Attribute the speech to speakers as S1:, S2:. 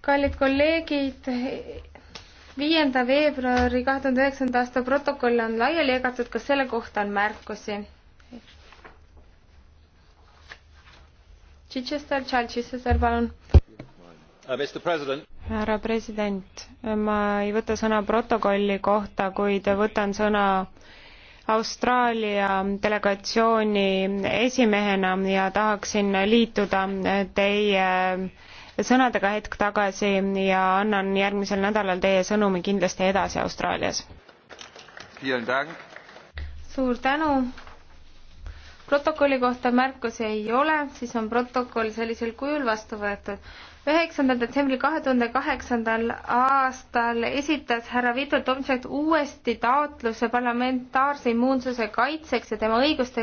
S1: kallid kolleegid, viienda veebruari kahe tuhande üheksanda aasta protokoll on laiali jagatud, kas selle kohta on märkusi? Chichester, Charles Chichester, palun.
S2: Uh,
S3: härra president, ma ei võta sõna protokolli kohta, kuid võtan sõna Austraalia delegatsiooni esimehena ja tahaksin liituda teie sõnadega hetk tagasi ja annan järgmisel nädalal teie sõnumi kindlasti edasi
S2: Austraalias.
S1: suur tänu protokolli kohta märkusi ei ole, siis on protokoll sellisel kujul vastu võetud. üheksandal detsembril kahe tuhande kaheksandal aastal esitas härra Vito Tomšek uuesti taotluse parlamentaarse immuunsuse kaitseks ja tema õiguste